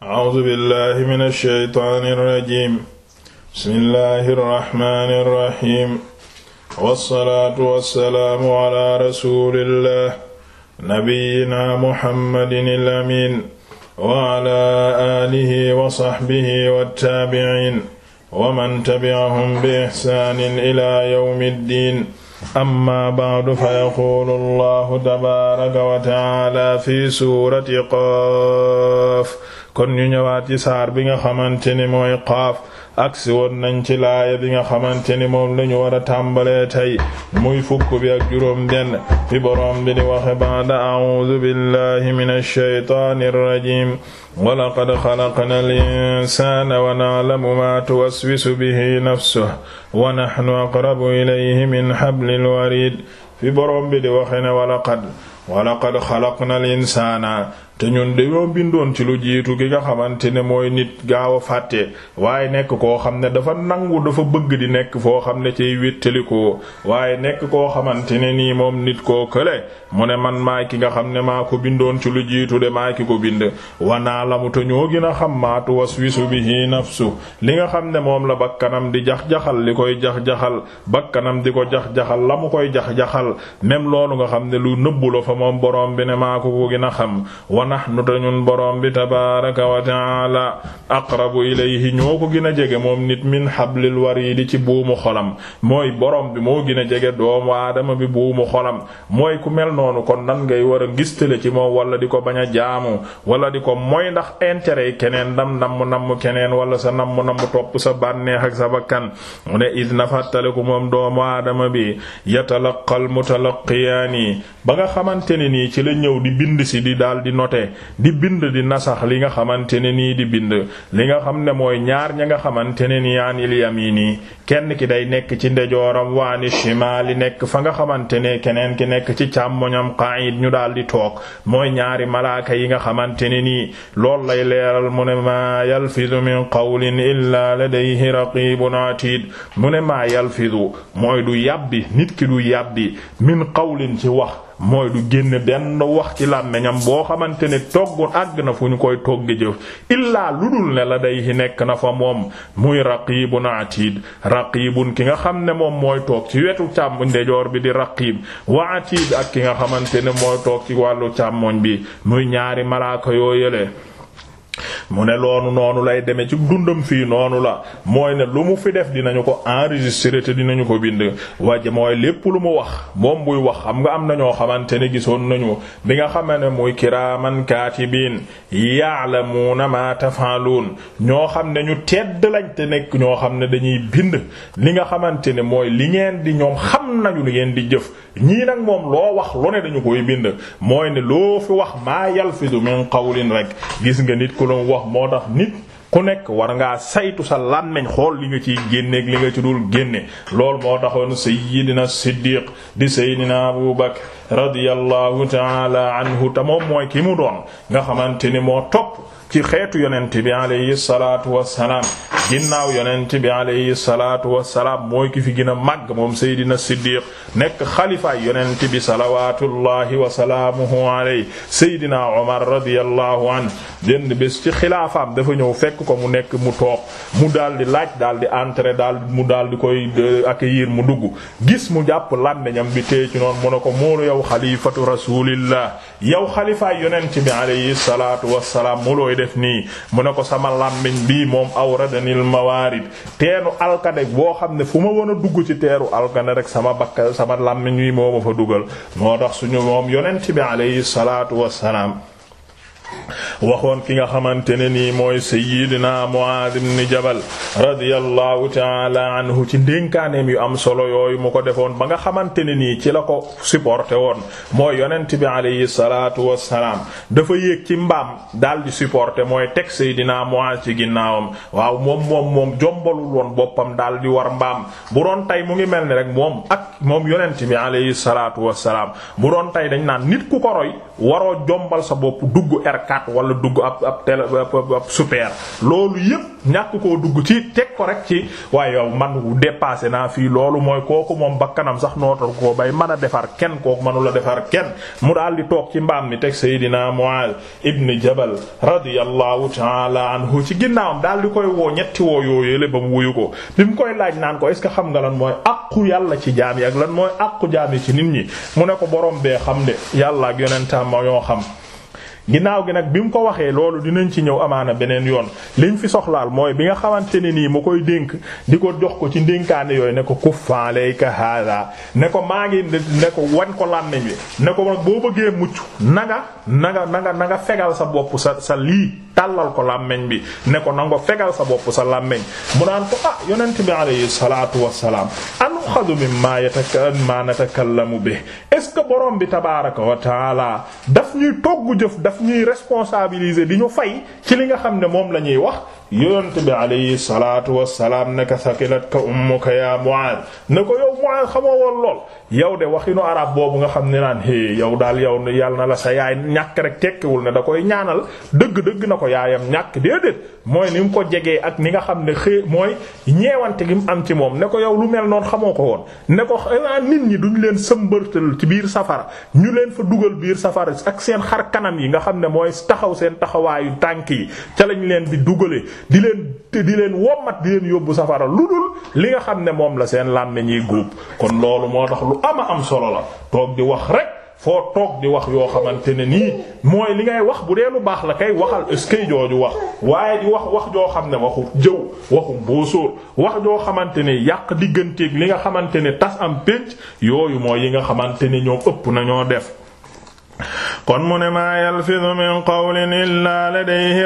a'uuzu billahi mina shaytaani rajiim bismillahi rahmaani rahiim wassalaatu wassalaamu ala rasulillah nabiyyina muhammadin al-amiin wa ala aalihi wa sahbihi wattaabi'iin wa man tabi'ahum bi ihsaanin ilaa yawmi ddiin amma ba'du fa yaquulu allahu tabaaraka wa ta'aala fi suurati qaaf kon ñu ñëwaat ci saar bi nga xamante ni mooy qaaf agsi woon nañ ci laaya bi nga xamante ni moom lañu war a tàmbalee tey muy fukk bi ak juróom benn fi boroom bi di waxe baada a'uudu billahi minash shaytaanir rajiim wa laqad xalaqnal insaana wa na'lamu maa tuwaswisu bihi nafsuhu wa nahnu aqrabu ilayhi min hablil wariid fi boroom bi di waxe ne wa laqad wa laqad xalaqnal insaana te ñun dañoo bindoon ci lu jiitu gi nga xamante ne mooy nit gaaw a fàtte waaye nekk koo xam ne dafa nangu dafa bëgg di nekk foo xam ne ciy wéttalikoo waaye nekk koo xamante ne nii moom nit koo kële mu ne man maay ki nga xam ne maa ko bindoon ci lu jiitu de maay ki ko bind wanaa lamu te ñoo gën a xam maatu waswisu bihi nafsu li nga xam ne moom la bakkanam di jax-jaxal li koy jax-jaxal bakkanam di ko jax-jaxal la mu koy jax-jaxal même loolu nga xam ne lu nëbbu fa moom borom bi ne maa ko gën a xam wa nahnu tañun borom bi tabaaraka wa taala aqrabu ilayhi ñoo ko gën a jege moom nit min hablil waridi ci buumu xolam mooy borom bi moo gën a jege doomu aadama bi buumu xolam mooy ku mel noonu kon nan ngay war a ngistale ci moom wala di ko bañ a jaamu wala di ko mooy ndax intérêt yi keneen dam namm namm keneen wala sa namm namm topp sa bànneex ak sa bakkan mu ne id na fàttaliku moom doomu aadama bi yatalaqal mutalaqiyaani ba nga xamante ne nii wootee di bind di nasax li nga xamante ne nii di bind li nga xam ne mooy ñaar ña nga xamante ne nii anil yamini kenn ki day nekk ci ndejooram waani shimaali nekk fa nga xamante ne keneen ki nekk ci càmmoñam qa'id ñu daal di toog mooy ñaari malaaka yi nga xamante ne nii lool lay leeral mu ne maa yalfidu min qawlin illaa ladayhi raqibun atid mu ne maa yalfidu mooy du yàbbi nit ki du yàbbi min qawlin ci wax mooy du génne benn wax ci làmmiñam boo xamante ne togg àgg na fu ñu koy togg jëf illaa lu dul ne la day nekk na fa moom muy raqibun atid raqibun ki nga xam ne moom mooy toog ci wetu càmmoñ ndejoor bi di raqib wa atid ak ki nga xamante ne mooy toog ci wàllu càmmooñ bi muy ñaari malaaka yoo yële mu ne loonu noonu lay demee ci dundam fii noonu la mooy ne lu mu fi def dinañu ko enregistrer te dinañu ko bind waje mooy lépp lu mu wax moom buy wax xam nga am na ñoo xamante ne gisoon nañu bi nga xam ne muy kiraaman kaatibiin ya'lamuuna maa taf'aluun ñoo xam ne ñu tedd lañ nekk ñoo xam ne dañuy bind li nga xamante ne mooy li ngeen di ñoom xam nañu li ngeen di jëf ñii nag moom loo wax lu ne dañu koy bind mooy ne loo fi wax maa yalfidu min qawlin rek gis nga nit ku doon wax moo tax nit ku nekk war ngaa saytu sa làmmiñ xool li nga ciy génneeg li nga ci dul génne loolu moo taxoon sayyidina siddiq di sayyidina abu bakr radiyallahu taala anhu te moom mooy ki mu doon nga xamante ni moo topp ci xeetu yonent bi alayhi salaatu wassalaam ginnaaw yonent bi alayhi salaatu wassalaam mooy ki fi gën a màgg moom Seydina Siddiq nekk xalifaay yonent bi salawaatullahi wa salaamuhu alayhi Seydina Umar radiyallahu anhu benn bés ci xilaafam dafa ñëw fekk ko mu nekk mu toog mu daal di laaj daal di entrer daal mu daal di koy yiir mu dugg gis mu jàpp làmmiñam bi téye ci noonu mu ne ko moolu yow xalifatu rasulillah yow xalifaay yonent bi alayhi salaatu wassalaam mu looy def nii mu ne ko sama làmmiñ bii moom aw awradanil mawaarid teenu alkane boo xam ne fu ma won a dugg ci teeru alkane rek sama bakka sama làmmiñ wi moo ma fa dugal moo tax suñu moom yonent bi alayhi salaatu wassalaam waxoon ki nga xamante ne nii mooy sayyidina Muaaz ibn Jabal radiyallahu ta'ala anhu ci ndénkaaneem yu am solo yooyu mu ko defoon ba nga xamante ne nii ci la ko supporté woon mooy yonent bi alayhi salaatu wassalaam dafa yéeg ci mbaam dal di supporté mooy teg sayyidina Muaaz ci ginnaawam waaw moom moom moom jombalul woon boppam daal di war mbaam bu doon tey mu ngi mel ni rek moom ak moom yonent bi alayhi salaatu wassalaam bu doon tey dañ naan nit ko roy waroo jombal sa dugg wala dugg ab ab télé ab super loolu yëpp ñàkk koo dugg ci teg ko rek ci waaye yow man dépassé naa fii loolu mooy kooku moom bakkanam sax nootal koo bay mën a defar kenn kooku mënu la defar kenn mu daal di toog ci mbaam mi teg Seydina Mu'aaz ibn Jabal radiyallahu ta'ala anhu ci ginnaawam daal di koy woo ñetti woo yooyule ba mu wuyu ko bi mu koy laaj naan ko est xam nga lan mooy àqu yàlla ci jaam yi ak lan mooy àqu jaam yi ci nit ñi mu ne ko borom bee xam de yàlla ak yonentam ma yoo xam ginnaaw gi nag bi mu ko waxee loolu dinañ ci ñëw amaana beneen yoon liñ fi soxlaal mooy bi nga xamante ne nii mu koy dénk di ko jox ko ci ndénkaane yooyu ne ko kuffa alayka hada ne ko maa ngi ne ko wañ ko làmmeñ bi ne ko nag boo bëggee mucc nanga nanga nanga nanga fegal sa bopp sa sa lii tàllal ko làmmeñ bi ne ko nango fegal sa bopp sa làmmeñ mu naan ko ah yonent bi alayhi salaatu wassalaam yu'khadhu mimma natakallamu bi est-ce que borom bi tabaaraka wa taala daf ñuy togg jëf daf ñuy responsabiliser di ñu fay ci li nga xam ne moom la ñuy wax yonent bi alayhi salaatu wassalaam naka sakilat ka ummuka ya Mu'aaz ne ko yow Mu'aaz xamoo woon lool yow de waxinu arab boobu nga xam ne naan hé yow daal yow yal na la sa yaay ñàkk rek tekkiwul ne da koy ñaanal dëgg-dëgg na ko yaayam ñàkk déedéet mooy ni mu ko jegee ak ni nga xam ne xëy mooy ñeewante gi mu am ci moom ne ko yow lu mel noonu xamoo ko woon ne ko xanaa eh, ah, nit ñi duñ leen sëmbërtal ci biir safara ñu leen fa dugal biir safara ak seen xar kanam yi nga xam ne mooy taxaw seen taxawaayu tànk yi ca lañ leen di dugale di leen te di leen wommat di leen yóbbu safara lu dul li nga xam ne moom la seen làmmiñ yi góob kon loolu moo tax lu am am solo la toog di wax rek foo toog di wax yoo xamante ne nii mooy li ngay wax bu dee lu baax la kay waxal eskay jooju wax waaye di wax wax joo xam ne waxu jëw waxu mboosóor wax joo xamante ne yàq digganteeg li nga xamante ne tas am pénc yooyu mooy yi nga xamante ne ñoo ëpp nañoo def kon mu ne maa yalfidu min qawlin illaa ladayhi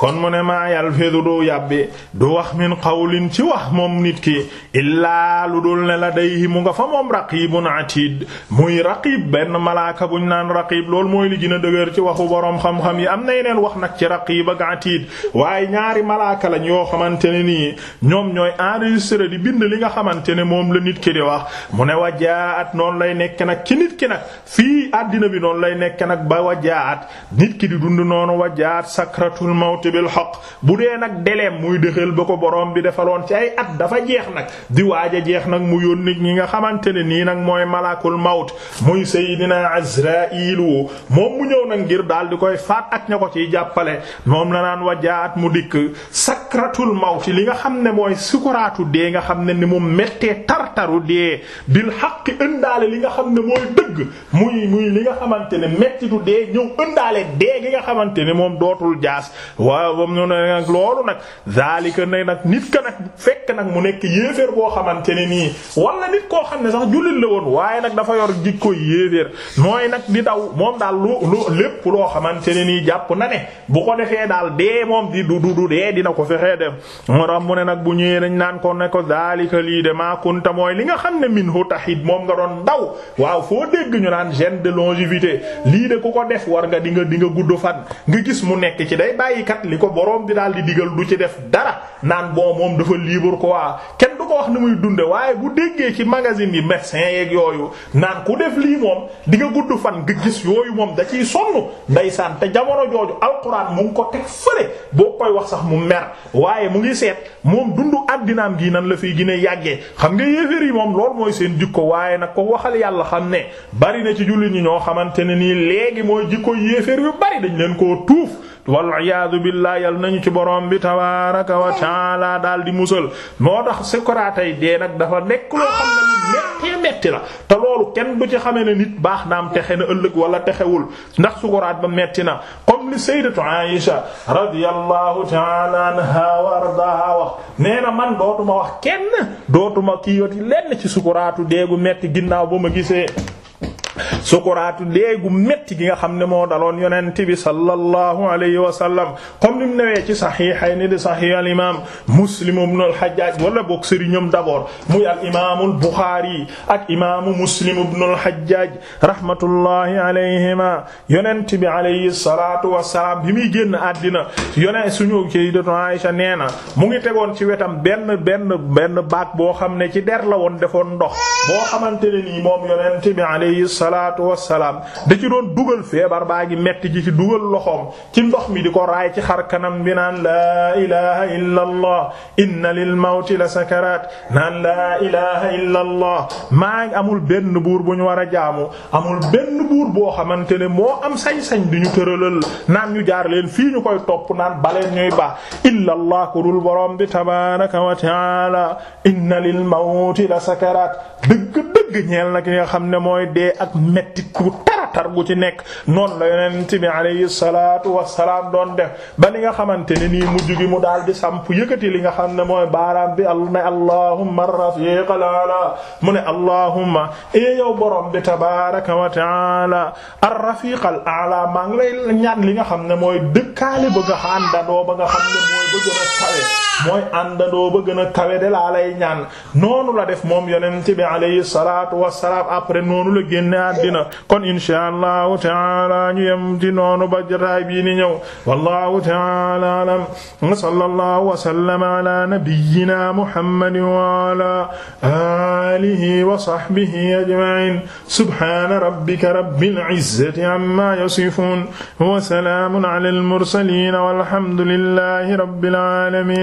kon mu ne maa yalfidu du yàbbi du wax min qawlin ci wax moom nit ki illaa lu dul ne la day mu nga fa moom raqibun atid muy raqib benn malaaka buñ naan raqib lool mooy li gën a dëgër ci waxu boroom xam-xam yi am na yeneen wax nag ci raqib ak atid waaye ñaari malaaka lañ yoo xamante ne nii ñoom ñooy enregistré di bind li nga xamante ne moom la nit ki di wax mu ne wajaat noonu lay nekk nag ci nit ki nag fii àddina bi noonu lay nekk nag ba wajaat nit bil haqq bu dee nag deleem muy dëxal ba ko boroom bi defaloon ci ay at dafa jeex nag di waaj jeex nag mu yónni ñi nga xamante ne nii nag mooy malakul mawt muy Seydina Azrailu moom mu ñëw nag ngir daal di koy faat ak ña ko ciy jàppale moom la naan wajaat mu dikk sakratul mawt li nga xam ne mooy sukuraatu dee nga xam ne ni mu mettee tartaru dee bil haqq ëndaale li nga xam ne mooy dëgg muy muy li nga xamante ne mettitu dee ñëw ëndaale dee gi nga xamante ne moom dootul jaas wa waaw bam ñu ne nag loolu nag zalika ne nag nit ka nag fekk nag mu nekk yéeféer boo xamante ne nii wala nit koo xam ne sax jullit la woon waaye nag dafa yor jikko yéeféer mooy nag di daw moom daal lu lu lépp loo xamante ne nii jàpp na ne bu ko defee daal dee moom di du du dee dina ko fexee def moo tax mu ne nag bu ñëwee naan ko ne ko zalika lii de maa kunta mooy li nga xam ne minhu tahid moom nga doon daw waaw foo dégg ñu naan gène de longévité lii de ku ko def war nga di di nga gudd mu nekk li ko borom bi daal di digal du ci def dara naan boo moom dafa ko quoi kenn du ko wax ni muy dunde waaye bu déggee ci magasin yi médecin yeeg yooyu naan ku def lii moom di nga gudd fan nga gis yooyu moom da ciy sonn ndeysaan te jamono jooju alxuraan mu ngi ko teg fële boo koy wax sax mu mer waaye mu ngi seet moom dundu addinaam gi nan la fiy gën yàggee xam nga yéeféer yi moom loolu mooy seen jikko waaye nag ko waxal yàlla xam ne bari na ci jullit ñi ñoo xamante ne nii léegi mooy jikko yéeféer dañ leen koo tuuf wal iyaadu billaah yal nañu ci borom bi tabaaraka wa taala daal di musal moo tax sukuraatay dee nag dafa nekk loo xam ne metti metti la te loolu kenn bu ci xamee ne nit baax naam texe na ëllëg wala texewul ndax sukuraat ba metti na comme li sayyidatu Aisha radiyallahu taala anha wa ardaha wax nee na man dootuma wax kenn dootuma kiiwati lenn ci sukuraatu deegu metti ginnaaw ba ma gisee sukuraatu déegu métti gi nga xam ne moo daloon yonent bi sallallahu alayhi wa sallam comme ni mu newee ci saxiixayni di saxiix al imaam muslim ibn al hajjaaj wala boog sëriñam d'abord muy al imaamul buxaari ak imaamu muslim ibn al hajjaaj rahmatullahi alayhima yonent bi alayhi salaatu wa salaam bi muy génn àddina yonent suñu sayyidatu Aisha nee na mu ngi tegoon ci wetam benn benn benn baag boo xam ne ci der la woon defoon ndox boo xamante nii moom yonent bi alayhi salaatu wassalaam da ci doon dugal feebar baa ngi metti ji ci dugal loxoom ci ndox mi di ko raay ci xar kanam bi naan laa ilaha illa allah inna lil mawti la sakaraat naan laa ilaha illa amul benn buur bu ñu war a jaamu amul benn buur boo xamante ne moo am sañ-sañ di ñu tëralal naan ñu jaar leen fii ñu koy topp naan baleen ñuy baax illa allah ku dul borom bi tabaraka wa taala inna lil mawti la sakaraat dëgg dëgg ñeel na ki nga xam ne mooy dee ak metti ku taratar gu ci nekk noonu la yonent bi alayhi salaatu wassalaam doon def ba li nga xamante ne nii mujj gi mu daal di samp yëkkati li nga xam ne mooy baaraam bi al ne allahumma mu ne allahumma e yow borom bi tabaraka wa taala ar rafiq al ala maa ngi lay ñaan li nga xam ne mooy dëkkaale ba nga ba nga xam ne mooy ba gën a mooy àndandoo ba gën a kawe de laa lay ñaan noonu la def moom yonent bi alayhi salaatu wassalaam après noonu la génne àddina kon insha allahu taala ñu yem ci noonu ba jotaay bii ni ñëw wallahu taala alam wa sallallahu wa sallama ala nabiyyina muhammadin wa ala alihi wa sahbihi ajma'in subhana rabbika rabbil izzati amma yasifun wa salamun ala al mursalin walhamdulillahi rabbil alamin